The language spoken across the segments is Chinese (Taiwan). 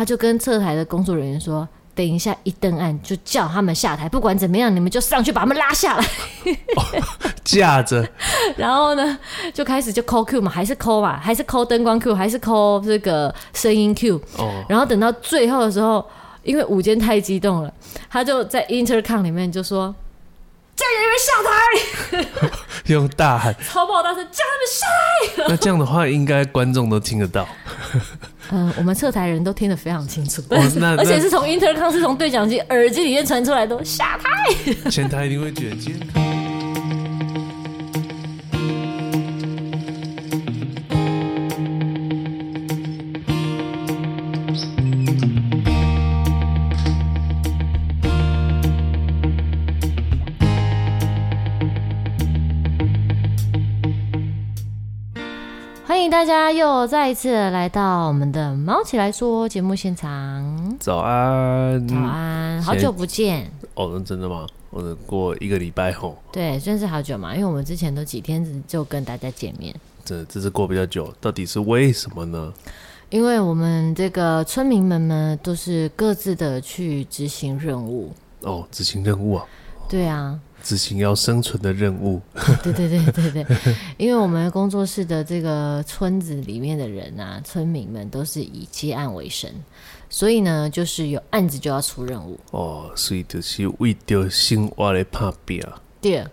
他就跟側台的工作人員說：“等一下，一燈暗就叫他們下台，不管怎麼樣，你們就上去把他們拉下來， 哦、架着。 ”然後呢，就開始就 call Q 嘛，還是 call 嘛，還是 call 燈光 Q，還是 call 這個聲音 Q。哦。然後等到最後的時候，因為舞監太激動了，他就在 intercom 裡面就說：“叫演員下台， 用大喊，超爆大聲，叫他們下台。”那這樣的話，應該觀眾都聽得到。 嗯、呃，我們側台人都聽得非常清楚，哦、而且是從 intercom 是從對講機耳機裡面傳出來的，都下台，前台一定會覺得 大家又再一次來到我們的《卯起來說》節目現場。早安，早安，好久不見！哦，認真的嗎？我過一個禮拜後，對，真是好久嘛，因為我們之前都幾天就跟大家見面，這這是過比較久，到底是為什麼呢？因為我們這個村民們呢，都是各自的去執行任務。哦，執行任務啊？哦、對啊。執行要生存的任務， 對對對對對，因為我們工作室的這個村子裡面的人啊，村民們都是以接案為生，所以呢，就是有案子就要出任務。哦，所以就是為着生活來打拼。啊。對。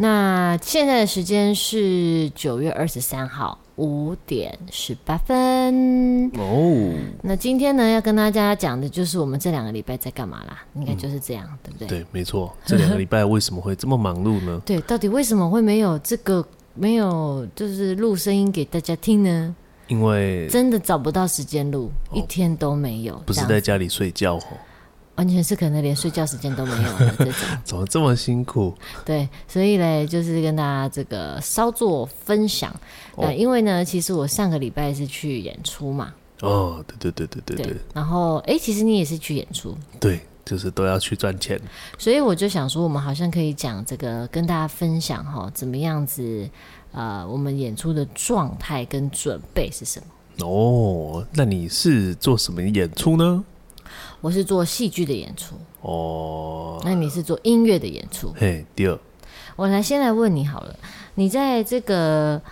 那現在的時間是九月二十三號。五點十八分哦，oh. 那今天呢要跟大家講的就是我們這兩個禮拜在幹嘛啦？嗯、應該就是這樣，對不對？對，沒錯。這兩個禮拜為什麼會這麼忙碌呢？ 對，到底為什麼會沒有這個沒有就是錄聲音給大家聽呢？因為真的找不到時間錄、哦，一天都沒有，不是在家裡睡覺哦。完全是可能連睡覺時間都沒有的這種，怎麼， 怎麼這麼辛苦？對，所以嘞，就是跟大家這個稍作分享。那、哦呃、因為呢，其實我上個禮拜是去演出嘛。哦，對對對對對對。對然後，哎、欸，其實你也是去演出。對，就是都要去賺錢。所以我就想說，我們好像可以講這個，跟大家分享哈，怎麼樣子？呃，我們演出的狀態跟準備是什麼？哦，那你是做什麼演出呢？我是做戲劇的演出哦，那你是做音樂的演出？嘿、oh.，第、hey, 二，我來先來問你好了，你在這個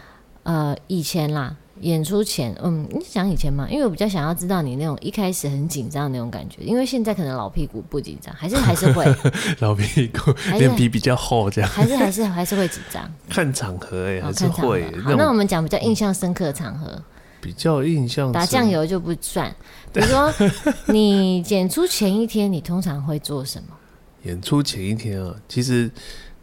呃以前啦演出前，嗯，你講以前嗎？因為我比較想要知道你那種一開始很緊張的那種感覺，因為現在可能老屁股不緊張，還是還是會 老屁股臉皮比較厚這樣，還是還是還是會緊張， 看場合哎、欸哦，還是會、啊、那，那我們講比較印象深刻的場合。嗯比較印象打醬油就不算。 比如說，你演出前一天，你通常會做什麼？演出前一天啊，其實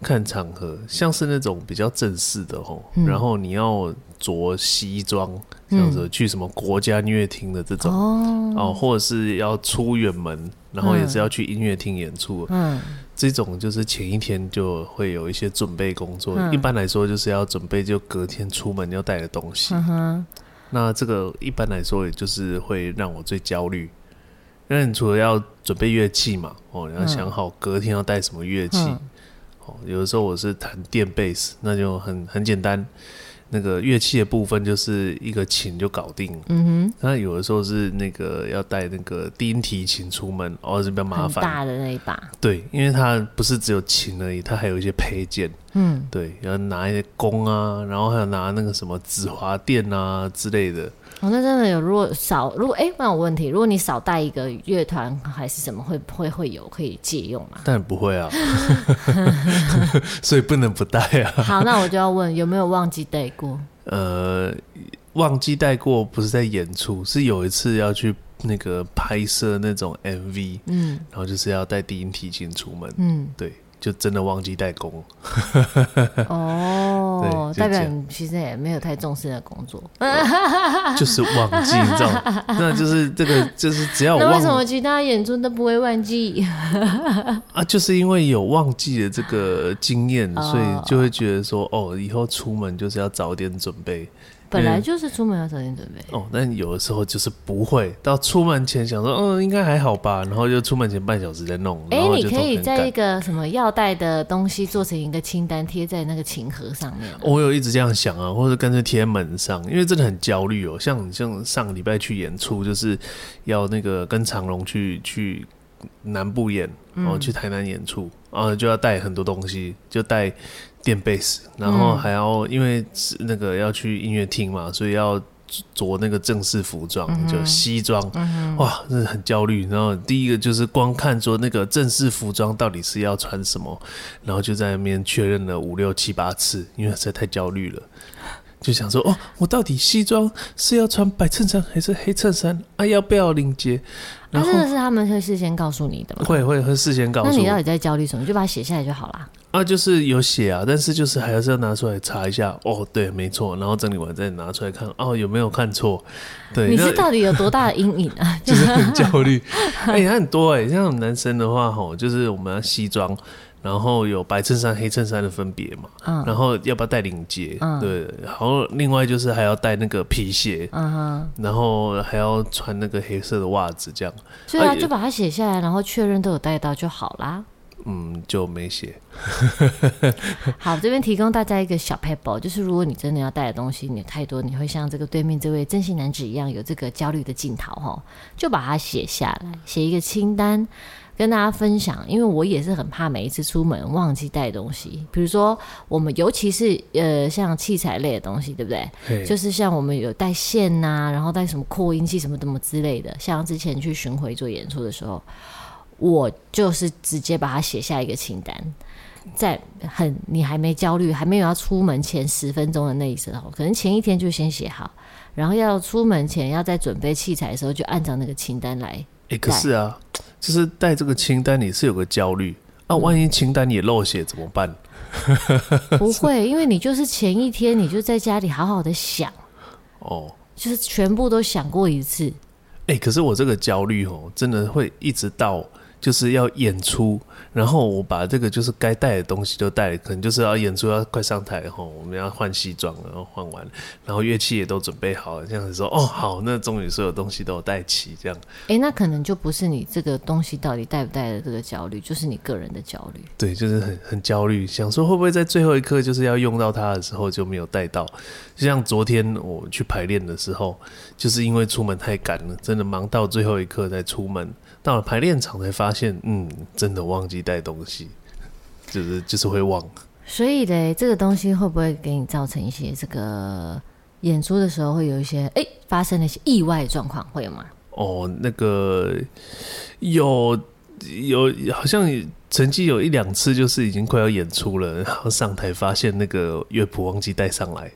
看場合，像是那種比較正式的吼、嗯，然後你要着西裝，這樣子去什麼國家音樂廳的這種哦，哦、嗯啊，或者是要出遠門，然後也是要去音樂廳演出嗯，嗯，這種就是前一天就會有一些準備工作。嗯、一般來說，就是要準備就隔天出門要帶的東西。嗯嗯那這個一般來說，也就是會讓我最焦慮，因為你除了要準備樂器嘛，哦，你要想好隔天要帶什麼樂器，嗯，哦，有的時候我是彈電貝斯，那就很很簡單。那個樂器的部分就是一個琴就搞定了。嗯哼，那有的時候是那個要帶那個低音提琴出門哦，是比較麻煩。很大的那一把。對，因為它不是只有琴而已，它還有一些配件。嗯，對，要拿一些弓啊，然後還要拿那個什麼止滑墊啊之類的。哦，那真的有？如果少，如果哎，那、欸、有問題，如果你少帶一個樂團還是什麼會，會不會會有可以借用嗎、啊？但不會啊， 所以不能不帶啊。好，那我就要問，有沒有忘記帶過？呃，忘記帶過不是在演出，是有一次要去那個拍攝那種 MV，嗯，然後就是要帶低音提琴出門，嗯，對。就真的忘記帶工哦、 oh,，代表你其實也沒有太重視的工作， 就是忘記，你知道嗎？那那就是這個，就是只要我忘。 那為什麼其他演出都不會忘記？ 啊，就是因為有忘記的這個經驗，oh. 所以就會覺得說，哦，以後出門就是要早點準備。本來就是出門要早點準備哦，但有的時候就是不會到出門前想說，嗯，應該還好吧，然後就出門前半小時再弄。哎、欸，你可以在一個什麼要帶的東西做成一個清單，貼在那個琴盒上面。我有一直這樣想啊，或者乾脆貼門上，因為真的很焦慮哦、喔。像像上個禮拜去演出，就是要那個跟長龍去去南部演、嗯，然後去台南演出啊，然後就要帶很多東西，就帶。電貝斯，然後還要、嗯、因為那個要去音樂廳嘛，所以要着那個正式服裝、嗯，就西裝、嗯，哇，真是很焦慮。然後第一個就是光看說那個正式服裝到底是要穿什麼，然後就在那邊確認了五六七八次，因為實在太焦慮了，就想說哦，我到底西裝是要穿白襯衫還是黑襯衫？啊，要不要領結？然後、啊、是他們會事先告訴你的嗎？會會會事先告訴。那你到底在焦慮什麼？你就把它寫下來就好啦。啊，就是有寫啊，但是就是還要是要拿出來查一下哦。對，沒錯，然後整理完再拿出來看哦，有沒有看錯？對、嗯，你是到底有多大的陰影啊？ 就是很焦慮。哎、 欸，很多哎、欸，像我們男生的話，吼，就是我們要西裝，然後有白襯衫、黑襯衫的分別嘛。嗯。然後要不要戴領結？嗯。對。然後另外就是還要帶那個皮鞋。嗯哼。然後還要穿那個黑色的襪子，這樣。對啊、欸，就把它寫下來，然後確認都有帶到就好啦。嗯，就沒寫。 好，這邊提供大家一個小撇步，就是如果你真的要帶的東西，你太多，你會像這個對面這位真心男子一樣有這個焦慮的鏡頭齁，就把它寫下來，寫一個清單跟大家分享。因為我也是很怕每一次出門忘記帶東西，比如說我們尤其是呃像器材類的東西，對不對？就是像我們有帶線吶、啊，然後帶什麼擴音器什麼什麼之類的。像之前去巡迴做演出的時候。我就是直接把它寫下一個清單，在很你還沒焦慮、還沒有要出門前十分鐘的那一時候，可能前一天就先寫好，然後要出門前要在準備器材的時候就按照那個清單來。哎、欸，可是啊，就是帶這個清單你是有個焦慮、嗯、啊，萬一清單也漏寫怎麼辦？ 不會，因為你就是前一天你就在家裡好好的想哦，就是全部都想過一次。哎、欸，可是我這個焦慮哦、喔，真的會一直到。就是要演出，然後我把這個就是該帶的東西都帶了，可能就是要演出要快上台吼，我們要換西裝，然後換完，然後樂器也都準備好了，這樣子說哦，好，那終於所有東西都有帶齊這樣。誒、欸，那可能就不是你這個東西到底帶不帶的這個焦慮，就是你個人的焦慮，對，就是很很焦慮，想說會不會在最後一刻就是要用到它的時候就沒有帶到。就像昨天我去排練的時候，就是因為出門太趕了，真的忙到最後一刻才出門。到了排練場才發現，嗯，真的忘記帶東西，就是就是會忘。所以嘞，這個東西會不會給你造成一些這個演出的時候會有一些誒、欸、發生的一些意外狀況，會有嗎？哦，那個有有好像曾經有一兩次，就是已經快要演出了，然後上台發現那個樂譜忘記帶上來。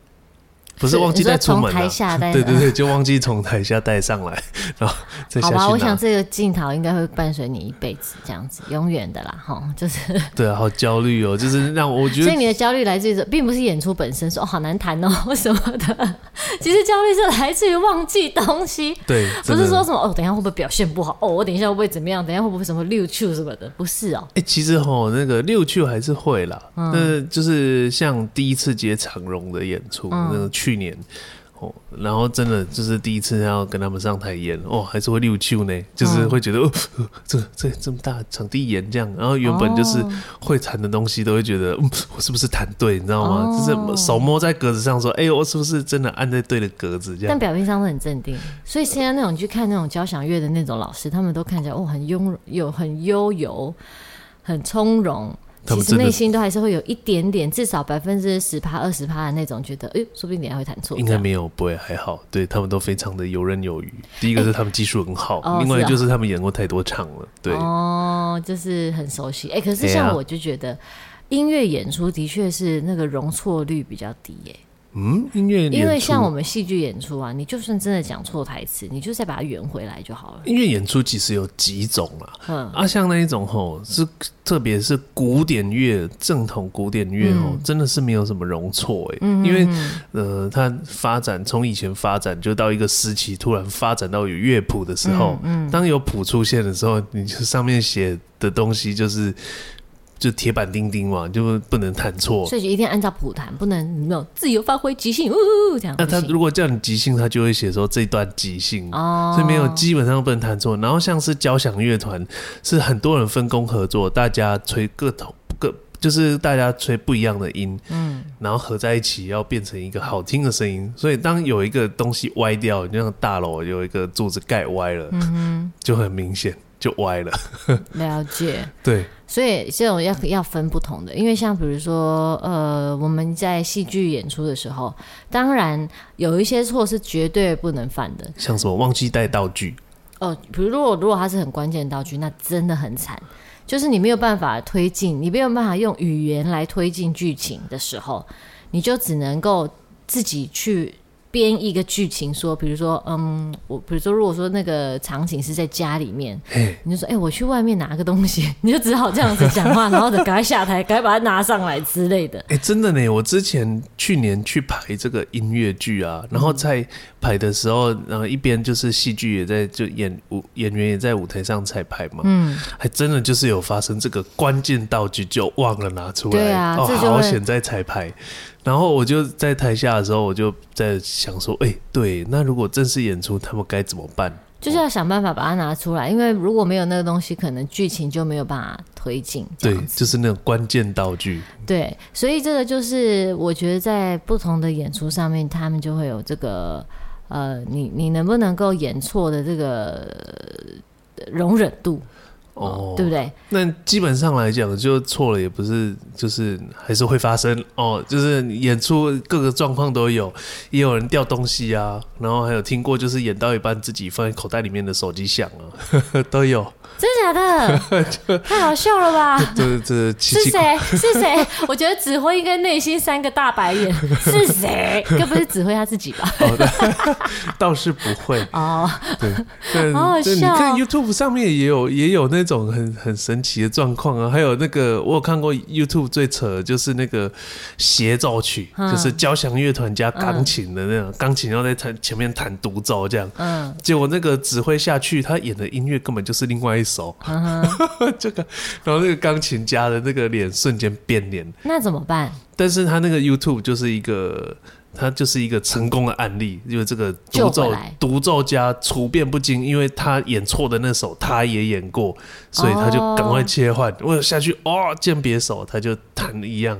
不是忘記帶，出門台下，對對對，就忘記從台下帶上來。然後，好吧，我想這個鏡頭應該會伴隨你一輩子，這樣子，永遠的啦，哈，就是。對啊，好焦慮哦、喔，就是讓我覺得。所以你的焦慮來自於，並不是演出本身說，說哦，好難彈哦、喔、什麼的。其實焦慮是來自於忘記東西。對，不是說什麼哦，等一下會不會表現不好？哦，我等一下會不會怎麼樣？等一下會不會什麼六處什麼的？不是哦、喔。哎、欸，其實齁，那個六處還是會啦，嗯，但是就是像第一次接長榮的演出、嗯、那個曲。去年哦，然後真的就是第一次要跟他們上台演哦，還是會溜秋，呢，就是會覺得、嗯、哦，這這這麼大場地演這樣，然後原本就是會彈的東西，都會覺得、哦嗯、我是不是彈對，你知道嗎？哦、就是手摸在格子上說，哎、欸，我是不是真的按在對的格子這樣？但表面上都很鎮定，所以現在那種去看那種交響樂的那種老師，他們都看起來哦，很擁有很悠游，很從容。其實內心都還是會有一點點，至少百分之十趴二十趴的那種，覺得，哎，說不定你還會彈錯。應該沒有，不會還好。對，他們都非常的游刃有餘。第一個是他們技術很好、欸，另外就是他們演過太多場了、哦哦、了。對哦，就是很熟悉。哎、欸，可是像我就覺得、啊、音樂演出的確是那個容錯率比較低耶、欸。嗯，音樂演出因為像我們戲劇演出啊，你就算真的講錯台詞，你就再把它圓回來就好了。音樂演出其實有幾種啦、啊嗯，啊，像那一種吼，是特別是古典樂，正統古典樂吼、嗯，真的是沒有什麼容錯哎、欸，因為嗯嗯嗯呃，它發展，從以前發展就到一個時期，突然發展到有樂譜的時候，嗯，嗯，當有譜出現的時候，你就上面寫的東西就是。就鐵板釘釘嘛，就不能彈錯，所以就一定要按照譜彈，不能你沒有自由發揮即興，這樣。那他如果叫你即興，他就會寫說這段即興，哦，所以沒有基本上不能彈錯。然後像是交響樂團，是很多人分工合作，大家吹各頭各，就是大家吹不一樣的音，嗯，然後合在一起要變成一個好聽的聲音。所以當有一個東西歪掉，就像大樓有一個柱子蓋歪了，嗯哼，就很明顯。就歪了 了解。 對，所以這種要要分不同的，因為像比如說，呃，我們在戲劇演出的時候，當然有一些錯是絕對不能犯的，像什麼忘記帶道具。哦，比如如果如果它是很關鍵的道具，那真的很慘，就是你沒有辦法推進，你沒有辦法用語言來推進劇情的時候，你就只能夠自己去。編一個劇情，說，比如說，嗯，我，比如說，如果說那個場景是在家裡面，欸、你就說，哎、欸，我去外面拿個東西，你就只好這樣子講話， 然後就趕快下台，趕快 把它拿上來之類的。哎、欸，真的呢，我之前去年去排這個音樂劇啊，然後在。嗯排的時候，然後一邊就是戲劇也在就演舞演員也在舞台上彩排嘛，嗯，還真的就是有發生這個關鍵道具就忘了拿出來，對啊，哦、好險在彩排。然後我就在台下的時候，我就在想說，哎、欸，對，那如果正式演出他們該怎麼辦？就是要想辦法把它拿出來，哦、因為如果沒有那個東西，可能劇情就沒有辦法推進。對，就是那種關鍵道具。對，所以這個就是我覺得在不同的演出上面，他們就會有這個。呃，你你能不能夠演錯的這個容忍度？哦、oh,，對不對、哦？那基本上來講，就錯了也不是，就是還是會發生哦。就是演出各個狀況都有，也有人掉東西啊，然後還有聽過，就是演到一半自己放在口袋裡面的手機響了、啊，都有。真的假的？ 太好笑了吧！這對其實是誰？是誰？ 我覺得指揮應該內心三個大白眼。是誰？又不是指揮他自己吧？Oh, 倒是不會哦、oh.。對，好好笑。你看 YouTube 上面也有，也有那。種很很神奇的狀況啊，還有那個我有看過 YouTube 最扯的就是那個協奏曲、嗯，就是交響樂團加鋼琴的那種，鋼、嗯、琴要在彈前面彈獨奏這樣，嗯，結果那個指揮下去，他演的音樂根本就是另外一首，這、嗯、個， 然後那個鋼琴家的那個臉瞬間變臉，那怎麼辦？但是他那個 YouTube 就是一個。他就是一個成功的案例，因為這個獨奏獨奏家處變不驚，因為他演錯的那首他也演過，所以他就趕快切換，我、哦、下去哦，鑑別手他就彈一樣，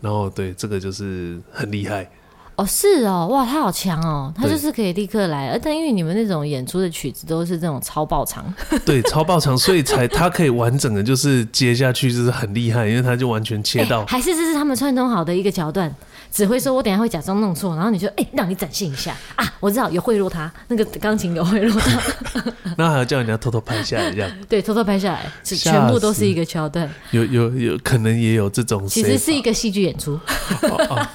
然後對這個就是很厲害哦，是哦，哇，他好強哦，他就是可以立刻來，而但因為你們那種演出的曲子都是這種超爆長，對， 超爆長，所以才他可以完整的就是接下去就是很厲害，因為他就完全切到、欸，還是這是他們串通好的一個橋段。只會說“我等下會假裝弄錯”，然後你就“哎、欸，讓你展現一下啊！我知道有賄賂他那個鋼琴，有賄賂他，然 後還要叫人家偷偷拍下來這樣。”對，偷偷拍下來，下全部都是一個橋段。有有有可能也有這種、啊，其實是一個戲劇演出。 哦哦、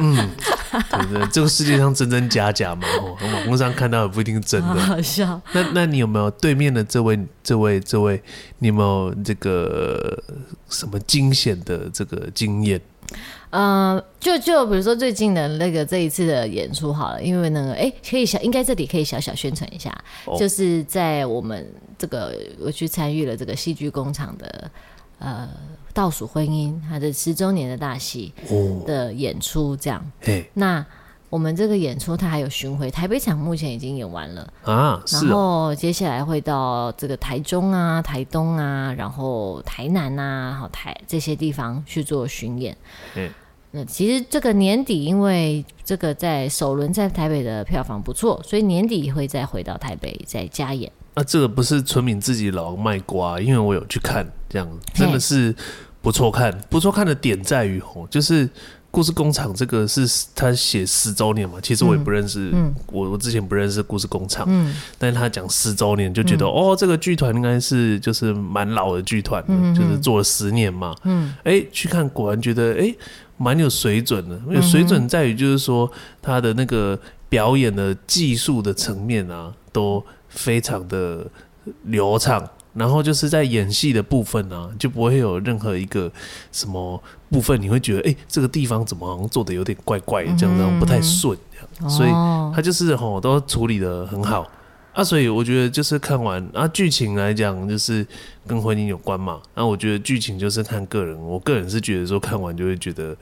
嗯對對對，這個世界上真真假假嘛，喔、網絡上看到也不一定是真的。好笑那。那那你有沒有對面的這位、這位、這位，你有沒有這個什麼驚險的這個經驗？嗯、uh,，就就比如說最近的那個這一次的演出好了，因為那個哎、欸，可以小應該這裡可以小小宣傳一下，oh. 就是在我們這個我去參與了這個戲劇工廠的呃倒數婚姻它的十周年的大戲的演出，這樣。對、oh. hey.，那我們這個演出它還有巡回，台北場目前已經演完了啊，oh. 然後接下來會到這個台中啊、台東啊，然後台南啊、好台這些地方去做巡演。Hey. 那其實這個年底，因為這個在首輪在台北的票房不錯，所以年底會再回到台北再加演。啊，這個不是村民自己老賣瓜，因為我有去看，這樣子真的是不錯看。不錯看的點在於哦，就是故事工廠這個是他寫十周年嘛，其實我也不認識，嗯，我、嗯、我之前不認識故事工廠、嗯，但是他講十周年就覺得、嗯、哦，這個劇團應該是就是蠻老的劇團、嗯嗯嗯，就是做了十年嘛，嗯，哎、欸，去看果然覺得哎。欸蠻有水準的，有水準在於就是說他的那個表演的技術的層面啊，都非常的流暢。然後就是在演戲的部分啊，就不會有任何一個什麼部分，你會覺得哎、欸，這個地方怎麼好像做得有點怪怪的，這樣子，這樣不太順。所以他就是吼都處理得很好。啊，所以我覺得就是看完啊，劇情來講就是跟婚姻有關嘛。啊，我覺得劇情就是看個人，我個人是覺得說看完就會覺得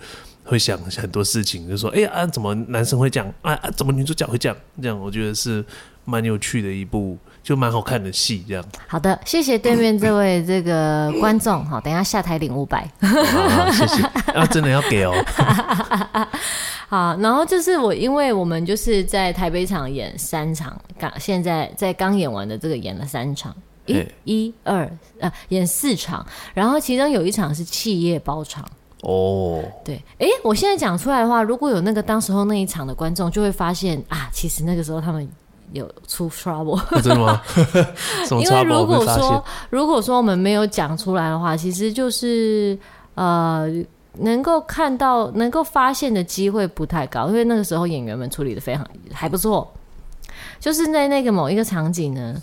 會想很多事情，就是說哎、欸、呀啊，怎麼男生會講啊，啊，怎麼女主角會講這樣，我覺得是蠻有趣的一部。就蠻好看的戲，這樣。好的，謝謝對面這位這個觀眾哈， 等一下下台領五百。 好好謝謝，要、啊、真的要給哦。 好，然後就是我，因為我們就是在台北場演三場，剛現在在剛演完的這個演了三場，Hey. 一、一、二，呃，演四場，然後其中有一場是企業包場哦。Oh. 對，哎、欸，我現在講出來的話，如果有那個當時候那一場的觀眾，就會發現啊，其實那個時候他們。有出 trouble， 哦、真的嗎？ 因為如果說如果說我們沒有講出來的話，其實就是呃，能夠看到能夠發現的機會不太高，因為那個時候演員們處理的非常還不錯，就是在那個某一個場景呢，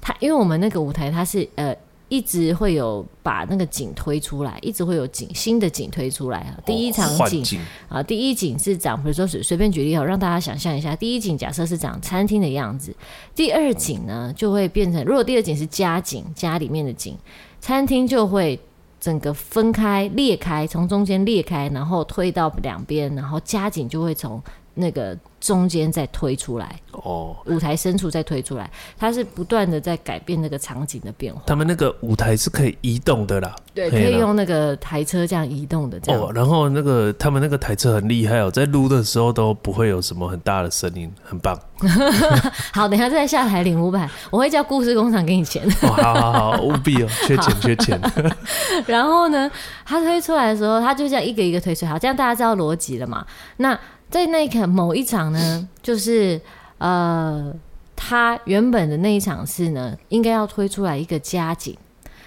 他因為我們那個舞台它是呃。一直會有把那個景推出來，一直會有景新的景推出來、哦、啊。第一場景啊，第一景是長，比如說隨便舉例哈，讓大家想象一下，第一景假設是長餐廳的樣子，第二景呢就會變成，如果第二景是家景，家裡面的景，餐廳就會整個分開裂開，從中間裂開，然後推到兩邊，然後家景就會從。那個中間再推出來哦，舞台深處再推出來，它是不斷的在改變那個場景的變化。他們那個舞台是可以移動的啦，對，可以用那個台車這樣移動的這樣。哦，然後那個他們那個台車很厲害哦，在嚕的時候都不會有什麼很大的聲音，很棒。 好，等一下再下台領五百，我會叫故事工廠給你錢。 哦，好好好，務必哦，缺錢 缺錢。缺錢 然後呢，他推出來的時候，他就這樣一個一個推出來，好，這樣大家知道邏輯了嘛？那。在那一刻某一場呢，就是呃，他原本的那一場是呢，應該要推出來一個家景，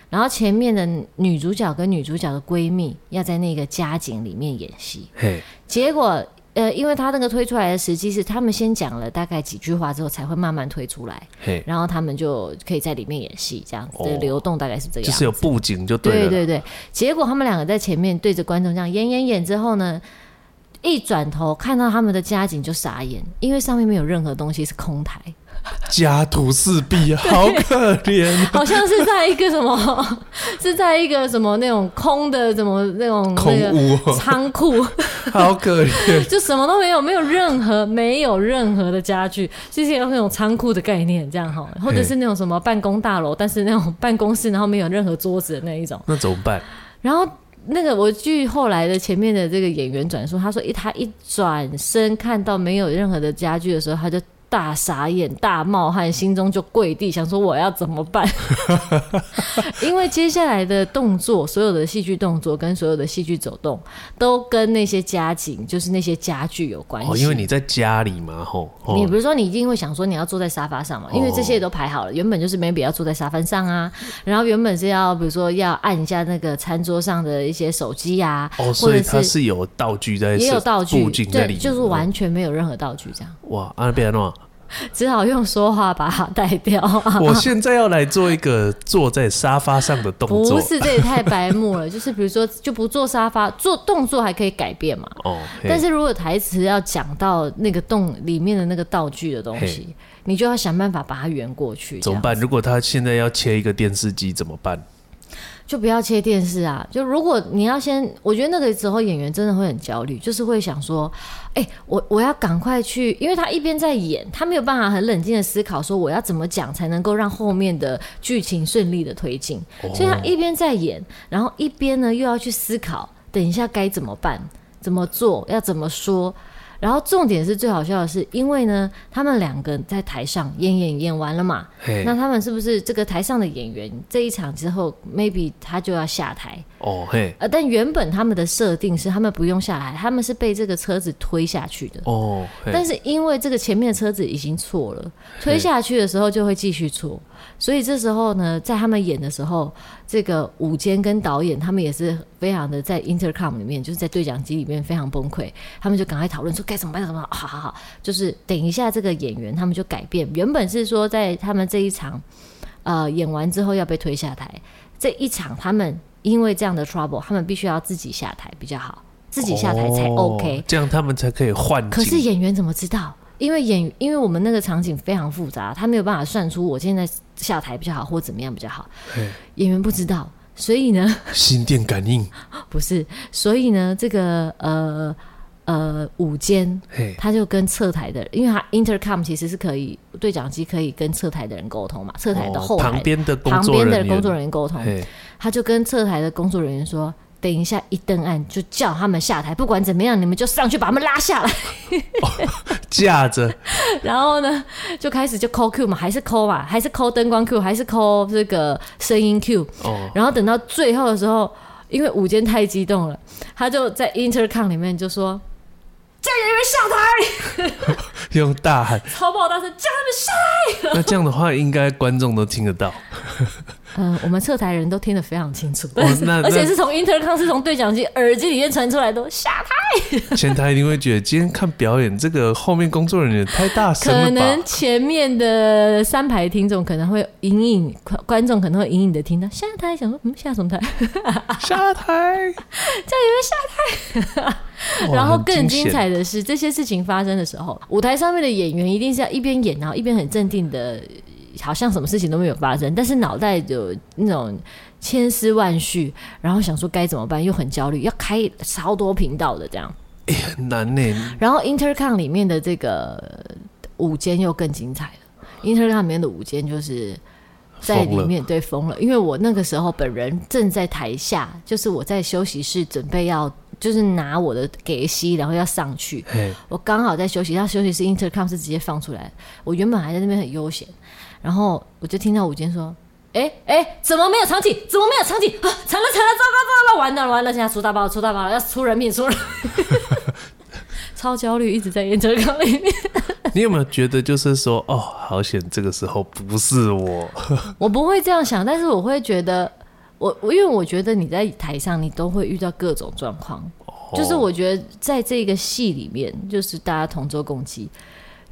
然後前面的女主角跟女主角的閨蜜要在那個家景裡面演戲。嘿、hey.，結果呃，因為他那個推出來的時機是他們先講了大概幾句話之後才會慢慢推出來，嘿、hey.，然後他們就可以在裡面演戲這樣子的流動大概是這樣，oh, 就是有布景就對了。對對對，結果他們兩個在前面對着觀眾這樣演演演之後呢。一轉頭看到他們的家景就傻眼，因為上面沒有任何東西是空台，家徒四壁，好可憐，好像是在一個什麼， 是在一個什麼那種空的什麼那種那空倉庫，好可憐， 就什麼都沒有，沒有任何沒有任何的家具，就是有那種倉庫的概念這樣哈，或者是那種什麼辦公大樓，欸，但是那種辦公室然後沒有任何桌子的那一種，那怎麼辦？然後，那個，我據後來的前面的這個演員轉述，他說一：“一他一轉身看到沒有任何的家具的時候，他就”大傻眼，大冒汗，心中就跪地想說：“我要怎麼辦？” 因為接下來的動作，所有的戲劇動作跟所有的戲劇走動，都跟那些家景，就是那些家具有關係哦。因為你在家裡嘛，吼，哦，你不是說你一定會想說你要坐在沙發上嘛，哦？因為這些都排好了，原本就是 maybe 坐在沙發上啊。然後原本是要比如說要按一下那個餐桌上的一些手機呀，啊哦，哦，所以它是有道具在，也有道具在對，就是完全沒有任何道具這樣。哇，安爾貝諾。只好用說話把它帶掉。我現在要來做一個坐在沙發上的動作， 不是這也太白目了？ 就是比如說，就不坐沙發，做動作還可以改變嘛。哦，但是如果台詞要講到那個洞裡面的那個道具的東西，你就要想辦法把它圓過去。怎麼辦？如果他現在要切一個電視機，怎麼辦？就不要切電視啊！就如果你要先，我覺得那個時候演員真的會很焦慮，就是會想說，哎、欸，我我要趕快去，因為他一邊在演，他沒有辦法很冷靜的思考說我要怎麼講才能夠讓後面的劇情順利的推進，Oh. 所以他一邊在演，然後一邊呢又要去思考，等一下該怎麼辦、怎麼做、要怎麼說。然後重點是最好笑的是，因為呢，他們兩個在台上演演演完了嘛，hey. 那他們是不是這個台上的演員，這一場之後，maybe 他就要下台？哦，嘿，呃，但原本他們的設定是他們不用下來，他們是被這個車子推下去的。哦、oh, hey.，但是因為這個前面的車子已經錯了，推下去的時候就會繼續錯，hey. 所以這時候呢，在他們演的時候，這個舞監跟導演他們也是非常的在 intercom 裡面，就是在對講機裡面非常崩潰，他們就趕快討論說該怎，怎麼辦，怎麼辦，好好好，就是等一下這個演員，他們就改變原本是說在他們這一場，呃，演完之後要被推下台，這一場他們。因為這樣的 trouble，他們必須要自己下台比較好，自己下台才 OK，哦、這樣他們才可以換景。可是演員怎麼知道？因為演員，因為我們那個場景非常複雜，他沒有辦法算出我現在下台比較好，或怎麼樣比較好。演員不知道，所以呢，心電感應 不是，所以呢，這個呃。呃，舞監他就跟側台的人，因為他 intercom 其實是可以對講機，可以跟側台的人溝通嘛。側台的後台、哦、旁邊的旁邊的工作人員溝通，他就跟側台的工作人員說：“等一下一燈暗，一燈暗就叫他們下台，不管怎麼樣，你們就上去把他們拉下來， 哦、架着。 ”然後呢，就開始就 call Q 嘛，還是 call 嘛，還是 call 燈光 Q，還是 call 這個聲音 Q。哦。然後等到最後的時候，因為舞監太激動了，他就在 intercom 裡面就說。叫演員下台， 用大喊、 超爆大聲叫他們下來。 那這樣的話，應該觀眾都聽得到。 嗯、呃，我們側台人都聽得非常清楚，哦、而且是從 intercom 是從對講機、耳機裡面傳出來的，都下台。 前台一定會覺得今天看表演，這個後面工作人員太大聲，可能前面的三排聽眾可能會隱隱，觀眾可能會隱隱的聽到下台，想說嗯，下什麼台？ 下台，叫你們下台。 然後更精彩的是，這些事情發生的時候，舞台上面的演員一定是要一邊演，然後一邊很鎮定的。好像什麼事情都沒有發生，但是腦袋有那種千絲萬緒，然後想說該怎麼辦，又很焦慮，要開超多頻道的這樣，哎、欸，難呢，欸。然後 intercom 裡面的這個舞監又更精彩了。intercom 裡面的舞監就是在裡面對瘋了，因為我那個時候本人正在台下，就是我在休息室準備要，就是拿我的家俬，然後要上去，我剛好在休息，那休息室 intercom 是直接放出來，我原本還在那邊很悠閒。然後我就聽到武堅說：“哎、欸、哎、欸，怎麼沒有場景？怎麼沒有場景？啊，慘了慘了，糟糕糟了，完了完了！現在出大包了，出大包了，要出人命，出人命……” 超焦慮，一直在演講稿裡面。 你有沒有覺得，就是說，哦，好險，這個時候不是我。 我不會這樣想，但是我會覺得，我我因為我覺得你在台上，你都會遇到各種狀況。Oh. 就是我覺得，在這個戲裡面，就是大家同舟共濟，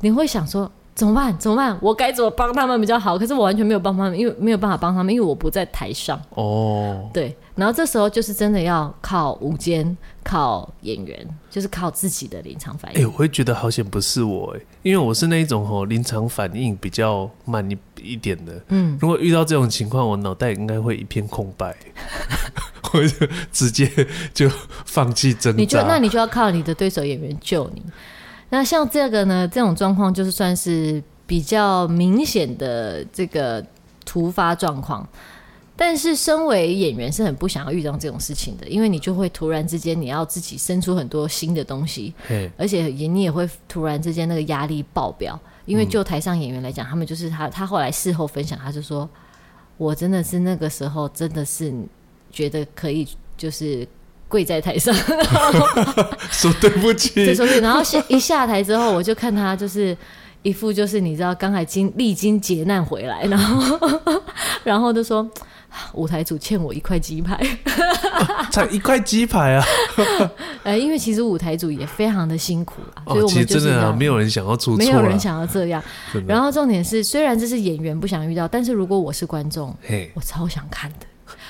你會想說，怎麼辦？怎麼辦？我該怎麼幫他們比較好？可是我完全沒有幫他們，因為沒有辦法幫他們，因為我不在台上。哦、oh.，對。然後這時候就是真的要靠舞監，靠演員，就是靠自己的臨場反應。哎、欸，我會覺得好險不是我。哎、欸，因為我是那一種哦，臨場反應比較慢一一點的。嗯，如果遇到這種情況，我腦袋應該會一片空白， 我就直接就放棄掙扎，你就那你就要靠你的對手演員救你。那像這個呢？這種狀況就是算是比較明顯的這個突發狀況。但是，身為演員是很不想要遇到這種事情的，因為你就會突然之間你要自己生出很多新的東西，而且你也會突然之間那個壓力爆表。因為就台上演員來講、嗯，他們就是他，他後來事後分享，他就說：“我真的是那個時候，真的是覺得可以，就是。”跪在台上 說對不起，對，然後一下一下台之後，我就看他就是一副就是你知道剛才經歷經劫難回來，然後 然後就說、啊、舞台組欠我一塊雞排、 啊，才一塊雞排啊！呃、 欸，因為其實舞台組也非常的辛苦啊，所以我們就、哦、其實真的、啊、沒有人想要出錯、啊，沒有人想要這樣。然後重點是，雖然這是演員不想遇到，但是如果我是觀眾，嘿、我超想看的。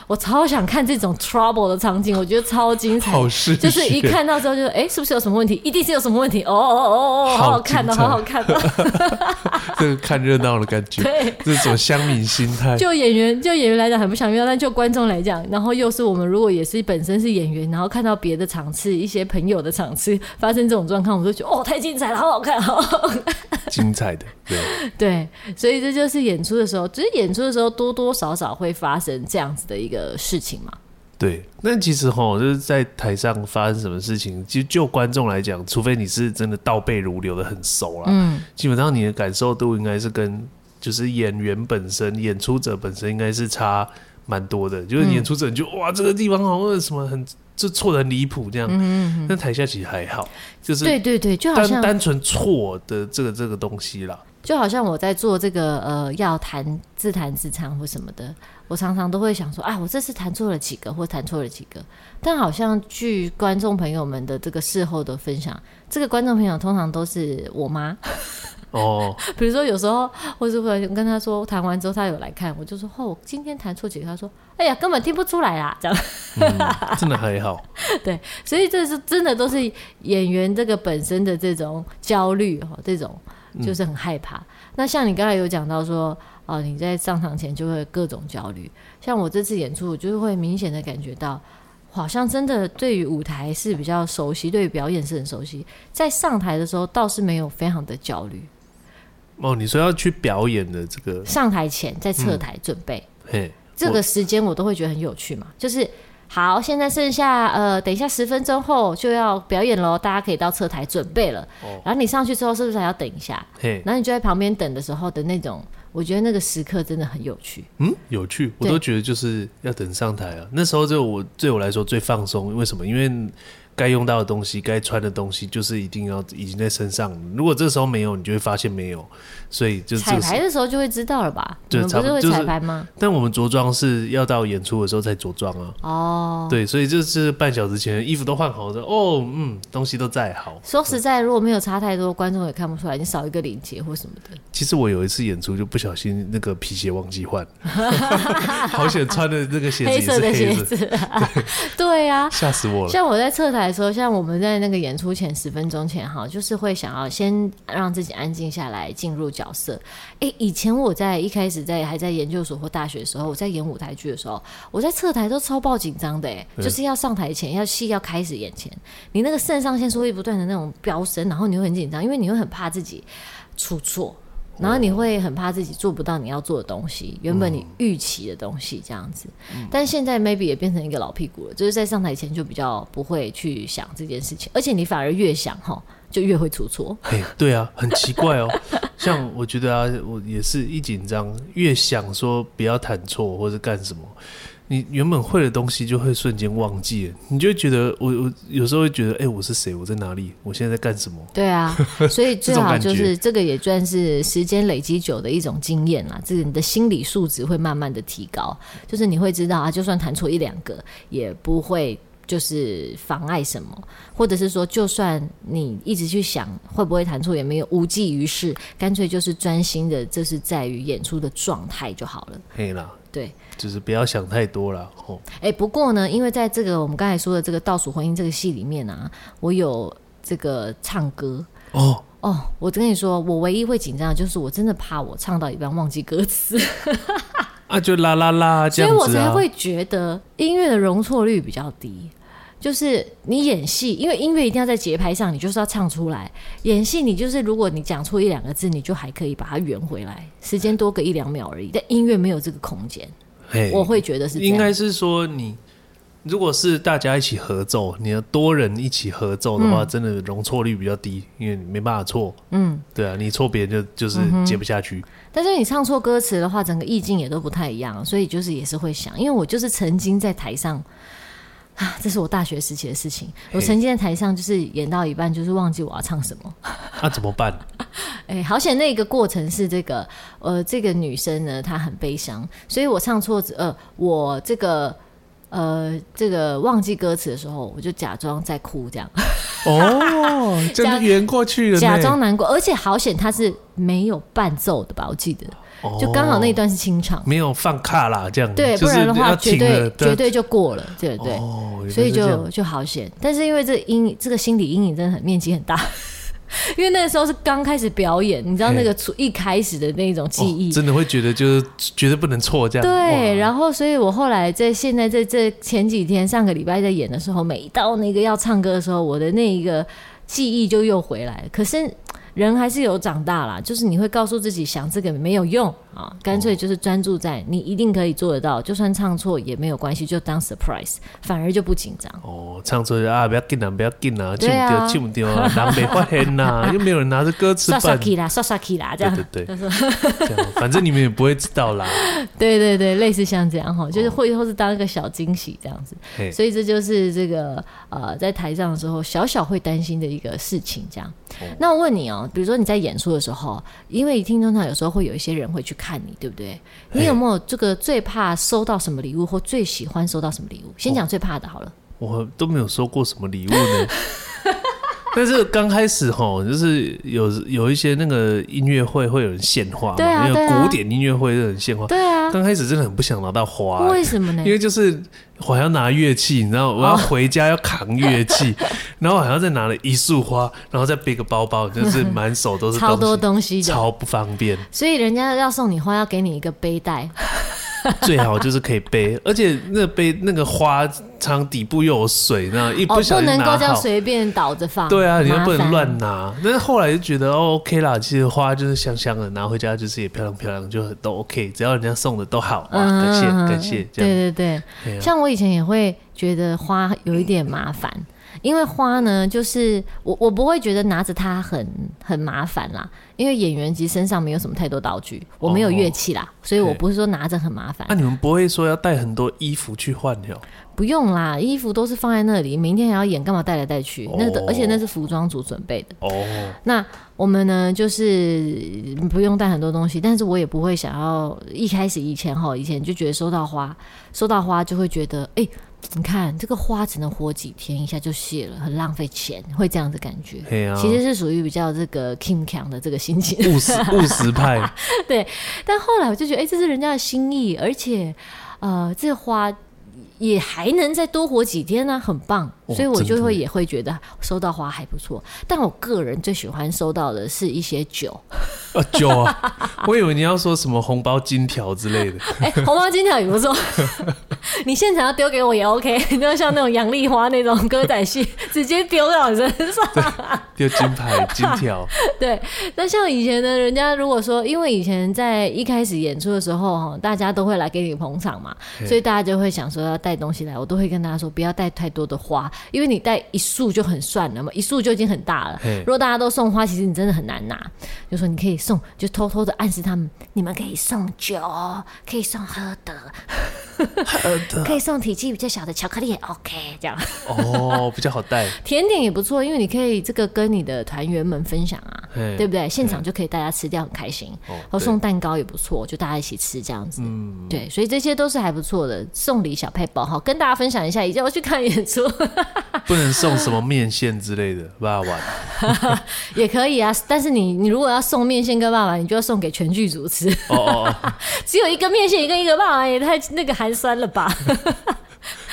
我超想看這種 trouble 的場景，我覺得超精彩，就是一看到之後就哎、欸，是不是有什麼問題？一定是有什麼問題，哦哦哦哦，好好看、啊，好好看、啊，的 這個看熱鬧的感覺，這種鄉民心態。就演員就演員來講很不想要，但就觀眾來講，然後又是我們如果也是本身是演員，然後看到別的場次、一些朋友的場次發生這種狀況，我們都覺得哦，太精彩了，好好看，好好看精彩的，對， 對，所以這就是演出的時候，其實演出的時候多多少少會發生這樣子的一個事情嘛。對，那其實吼就是在台上發生什麼事情，其實就觀眾來講，除非你是真的倒背如流的很熟了，嗯，基本上你的感受度應該是跟就是演員本身、演出者本身應該是差蠻多的，就是演出者你就、嗯、哇這個地方好像什麼很。就錯的離譜這樣，嗯嗯嗯，但台下其實還好，就是對對對，就好像單單純錯的這個這個東西啦，就好像我在做這個呃要彈自彈自唱或什麼的，我常常都會想說，啊我這次彈錯了幾個或彈錯了幾個。但好像據觀眾朋友們的這個事後的分享，這個觀眾朋友通常都是我媽。 哦， 比如說有時候，或者會跟他說談完之後，他有來看，我就說：哦，我今天彈錯幾個？他說：哎呀，根本聽不出來啦！這樣、嗯， 真的很好。對，所以這是真的，都是演員這個本身的這種焦慮哈、喔，這種就是很害怕。嗯、那像你剛才有講到說，哦、呃，你在上場前就會各種焦慮。像我這次演出，我就是會明顯的感覺到，好像真的對於舞台是比較熟悉，對於表演是很熟悉，在上台的時候倒是沒有非常的焦慮。哦，你說要去表演的這個上台前，在側台準備，嗯，嘿，這個時間我都會覺得很有趣嘛。就是好，現在剩下呃，等一下十分鐘後就要表演嘍，大家可以到側台準備了。哦，然後你上去之後，是不是還要等一下？嘿，然後你就在旁邊等的時候的那種，我覺得那個時刻真的很有趣。嗯，有趣，我都覺得就是要等上台啊。那時候就我對我來說最放鬆，為什麽？因為。該用到的東西，該穿的東西，就是一定要已經在身上。如果這時候沒有，你就會發現沒有，所以就是彩排的時候就會知道了吧？對，你們不是會彩排嗎？就是、但我們着裝是要到演出的時候再着裝啊。哦，對，所以就是半小時前衣服都換好了。哦，嗯，東西都再好。說實在，如果沒有差太多，觀眾也看不出來。你少一個領結或什麼的。其實我有一次演出就不小心那個皮鞋忘記換， 好險穿的那個鞋子也是黑，黑色的鞋子、啊。對對呀、啊，嚇死我了。像我在側台。來說，像我們在那個演出前十分鐘前哈，就是會想要先讓自己安靜下來，進入角色。哎、欸，以前我在一開始在還在研究所或大學的時候，我在演舞台劇的時候，我在側台都超爆緊張的、欸，哎，就是要上台前要戲要開始演前，你那個腎上腺素會不斷的那種飆升，然後你會很緊張，因為你會很怕自己出錯。然後你會很怕自己做不到你要做的東西，原本你預期的東西這樣子，嗯。但現在 maybe 也變成一個老屁股了，就是在上台前就比較不會去想這件事情，而且你反而越想哈，就越會出錯。哎，對啊，很奇怪哦。 像我覺得啊，我也是一緊張，越想說不要彈錯或者幹什麼，你原本會的東西就會瞬間忘記，你就會覺得我我有時候會覺得，哎、欸，我是誰？我在哪裡？我現在在幹什麼？對啊，所以最好就是這個也算是時間累積久的一種經驗啦。這個你的心理素質會慢慢的提高，就是你會知道啊，就算彈錯一兩個，也不會就是妨礙什麼，或者是說，就算你一直去想會不會彈錯，也沒有無濟於事，乾脆就是專心的，這、就是在於演出的狀態就好了。可以了。對，就是不要想太多了哦。哎、欸，不過呢，因為在這個我們剛才說的這個《倒數婚姻》這個戲裡面呢、啊，我有這個唱歌哦哦。我跟你說，我唯一會緊張的就是我真的怕我唱到一半忘記歌詞，啊就啦啦啦這樣子，啊。所以我才會覺得音樂的容錯率比較低。就是你演戲，因為音樂一定要在節拍上，你就是要唱出來。演戲你就是，如果你講錯一兩個字，你就還可以把它圓回來，時間多個一兩秒而已。嗯、但音樂沒有這個空間，我會覺得是這樣。應該是說你，如果是大家一起合奏，你要多人一起合奏的話，嗯、真的容錯率比較低，因為你沒辦法錯。嗯，對啊，你錯別人就就是接不下去、嗯。但是你唱錯歌詞的話，整個意境也都不太一樣，所以就是也是會想，因為我就是曾經在台上。啊，這是我大學時期的事情。我曾經在台上就是演到一半，就是忘記我要唱什麼。那、 啊、怎麼辦？哎、欸，好險！那個過程是這個，呃，這個女生呢，她很悲傷，所以我唱錯字，呃，我這個，呃，這個忘記歌詞的時候，我就假裝在哭，這樣。哦，真的演過去了，假裝難過，而且好險，它是沒有伴奏的吧？我記得。就剛好那一段是清唱、哦，沒有放卡啦這樣子，對、就是，不然的話絕對絕對就過了，對不對,對、哦？所以就就好險。但是因為這陰影，這個心理陰影真的很面積很大， 因為那時候是剛開始表演，你知道那個初一開始的那種記憶、哦，真的會覺得就是絕對不能錯這樣。對、哦，然後所以我後來在現在在這前幾天上個禮拜在演的時候，每到那個要唱歌的時候，我的那一個記憶就又回來了，可是。人還是有長大啦，就是你會告訴自己想這個沒有用啊，乾脆就是專注在你一定可以做得到，哦、就算唱錯也沒有關係，就當 surprise，反而就不緊張。哦，唱錯啊，不要緊張，不要緊張，唱丟掉啊，南北發偏吶， 又沒有人拿着歌詞本，唰唰起啦，唰唰起啦，這樣對對對，他 說這樣，反正你們也不會知道啦。 對對對，類似像這樣哈、喔哦，就是會或是當一個小驚喜這樣子，所以這就是這個呃，在台上的時候，小小會擔心的一個事情這樣。哦、那我問你哦、喔。比如說你在演出的時候，因為聽眾常有時候會有一些人會去看你，對不對？你有沒有這個最怕收到什麼禮物，或最喜歡收到什麼禮物？先講最怕的好了。哦，我都沒有收過什麼禮物呢。 但是剛開始哈，就是有有一些那個音樂會會有人獻花嘛，啊、古典音樂會有人獻花。對啊，剛開始真的很不想拿到花。欸，為什麼呢？因為就是我還要拿樂器，你知道，我要回家要扛樂器，哦、然後我還要再拿了一束花， 然後再背個包包，就是滿手都是超多東西，超不方便。所以人家要送你花，要給你一個背帶。 最好就是可以背，而且那個背那個花倉底部又有水，那，一不小心，哦，不能夠這樣隨便倒着放。對啊，你又不能亂拿。但是後來就覺得，哦，OK 啦，其實花就是香香的，拿回家就是也漂亮漂亮，就很都 OK，只要人家送的都好啊，感謝、嗯、感謝，感謝這樣。對對對，對、啊，像我以前也會覺得花有一點麻煩。嗯因為花呢，就是我我不會覺得拿着它很很麻煩啦。因為演員其實身上沒有什麼太多道具，我沒有樂器啦，oh. 所以我不是說拿着很麻煩。那、hey. 啊、你們不會說要帶很多衣服去換、喔、不用啦，衣服都是放在那裡，明天還要演，幹嘛帶來帶去？Oh. 那的而且那是服裝組準備的。哦、oh.。那我們呢，就是不用帶很多東西，但是我也不會想要一開始以前哈，以前就覺得收到花，收到花就會覺得哎。欸你看這個花只能活幾天，一下就謝了，很浪費錢，會這樣的感覺。啊、其實是屬於比較這個 King k n 的這個心情，務實務實派。 對，但後來我就覺得，哎、欸，這是人家的心意，而且，呃，這個、花。也還能再多活幾天呢，啊，很棒，所以我就會也會覺得收到花還不錯，哦。但我個人最喜歡收到的是一些酒，啊酒啊！ 我以為你要說什麼紅包金條之類的。哎、欸，紅包金條也不錯， 你現場要丟給我也 OK。你要像那種楊麗花那種歌仔戲，直接丟到我身上，啊。丟金牌金條，啊。對，那像以前呢，人家如果說，因為以前在一開始演出的時候，哈，大家都會來給你捧場嘛，所以大家就會想說要帶。帶東西來，我都會跟大家說不要帶太多的花，因為你帶一束就很算了嘛，一束就已經很大了。如果大家都送花，其實你真的很難拿。就說你可以送，就偷偷的暗示他們，你們可以送酒，可以送喝的， 可以送體積比較小的巧克力，也 OK，這樣哦，比較好帶。甜點也不錯，因為你可以這個跟你的團員們分享啊，對不對？現場就可以大家吃掉，很開心。哦、然後送蛋糕也不錯，就大家一起吃這樣子。嗯、對，所以這些都是還不錯的送禮小配。好，跟大家分享一下，一定要去看演出。不能送什麼麵線之類的爸爸。 也可以啊。但是你你如果要送麵線跟爸爸，你就要送給全劇組吃。哦哦，哦 只有一個麵線，一個一個爸爸也太那個寒酸了吧？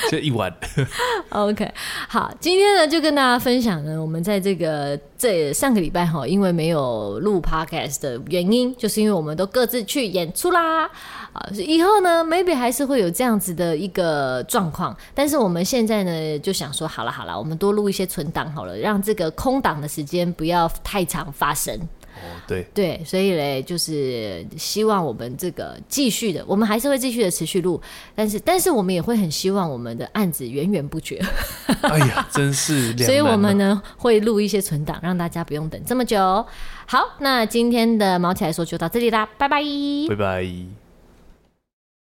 就一碗 。OK，好，今天呢就跟大家分享呢，我們在這個這上個禮拜哈，因為沒有錄 Podcast 的原因，就是因為我們都各自去演出啦。啊，以後呢，maybe 還是會有這樣子的一個狀況，但是我們現在呢，就想說，好了好了，我們多錄一些存檔好了，讓這個空檔的時間不要太長發生。哦，對對，所以嘞，就是希望我們這個繼續的，我們還是會繼續的持續錄，但是但是我們也會很希望我們的案子源源不絕。哎呀， 真是、啊，所以我們呢會錄一些存檔，讓大家不用等這麼久。好，那今天的卯起來說就到這裡啦，拜拜，拜拜。